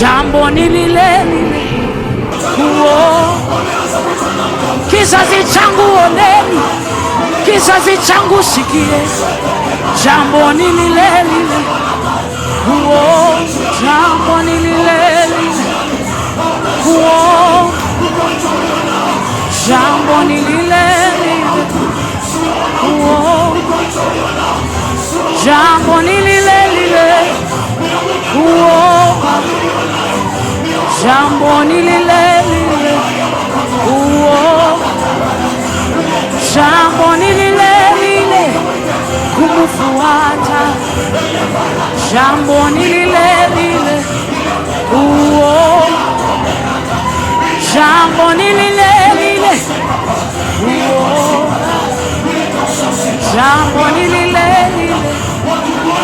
jambo ni lile lile, kizazi changu oneni, kizazi changu sikie, jambo ni lile lile, jambo ni lile lile, jambo ni lile lile, jambo ni lile lile jambo ni lile lile, uo jambo ni lile lile, kumfuata jambo ni lile lile, uo jambo ni lile lile, uo jambo ni lile lile,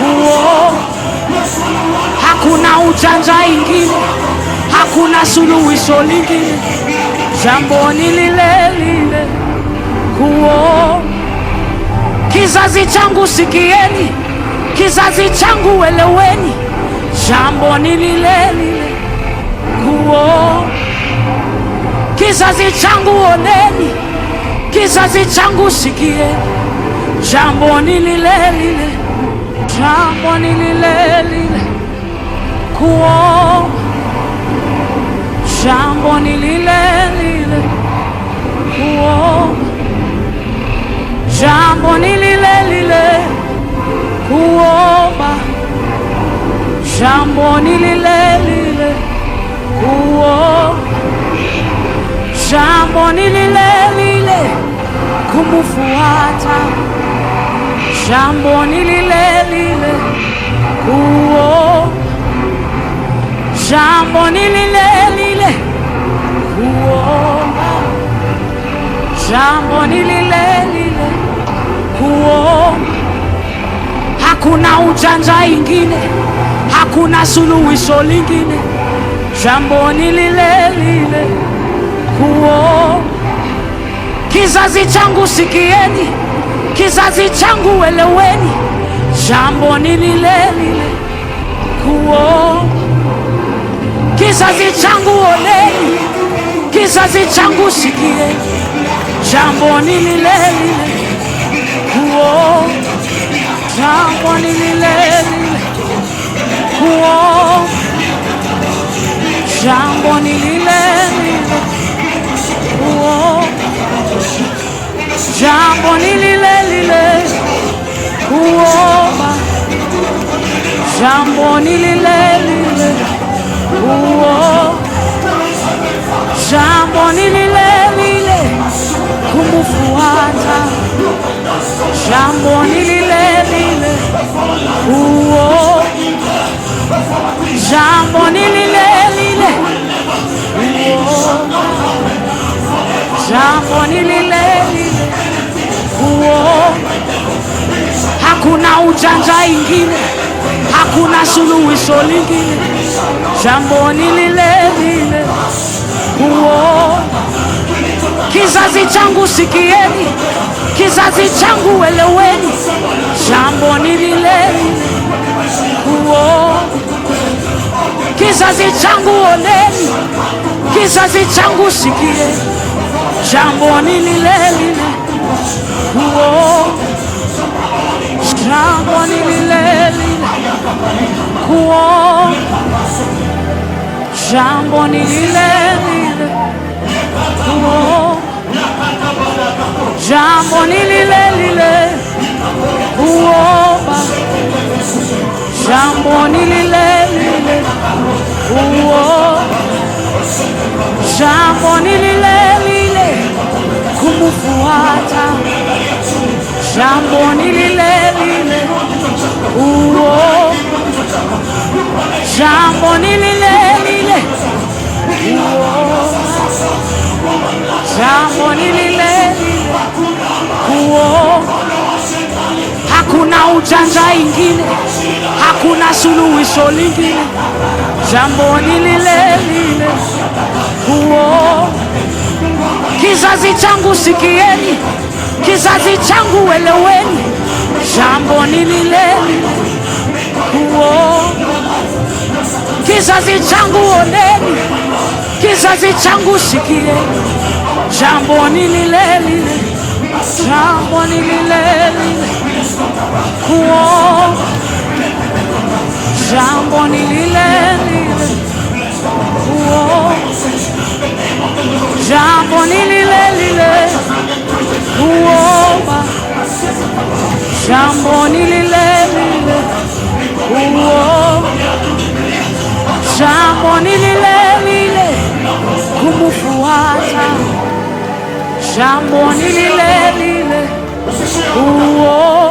uo hakuna ujanja ingine hakuna suluhisho lingine, jambo ni lile lile kuo. Kizazi changu sikieni, kizazi changu eleweni, jambo ni lile lile kuo. Kizazi changu oneni, kizazi changu sikieni, jambo ni lile lile, jambo ni lile lile kuo jambo ni lile lile kuoga, jambo ni lile lile kuomba, jambo ni lile lile kuoga, jambo ni lile lile kumfuata, jambo ni lile lile jambo ni lile lile, huo hakuna ujanja ingine, hakuna suluhisho lingine, jambo ni lile lile, huo kizazi changu sikieni, kizazi changu eleweni, jambo ni lile lile, huo kizazi changu oneni, kizazi changu sikieni jambo ni lile lile, huo jambo ni lile lile, huo jambo ni lile lile, huo jambo ni lile lile, huo jambo ni lile lile, huo jambo ni uo jambo ni jambo ni uo hakuna ujanja ingine, hakuna suluhisho lingine, jambo ni uo Kizazi changu sikieni, kizazi changu eleweni, jambo ni lile kuo. Kizazi changu oleni, kizazi changu sikieni, jambo ni lile lile kuo, jambo ni lile lile kuo, jambo ni lile lile kuo jambo ni lile lile kuomba, jambo ni lile lile kuomba, jambo ni lile lile kumfuata, jambo ni lile lile kuomba, jambo ni lile lile kuomba, jambo ni lile ujanja ingine, hakuna suluhisho lingine, jambo ni lile lile, huo kizazi changu sikieni, kizazi changu eleweni, jambo ni lile lile. huo, kizazi changu oneni, kizazi changu sikieni, jambo ni lile lile, jambo ni lile lile nguo, jambo ni lile lile, nguo, jambo ni lile lile, nguo, jambo ni lile lile, nguo, jambo ni lile lile, kumfuata, jambo ni lile lile, nguo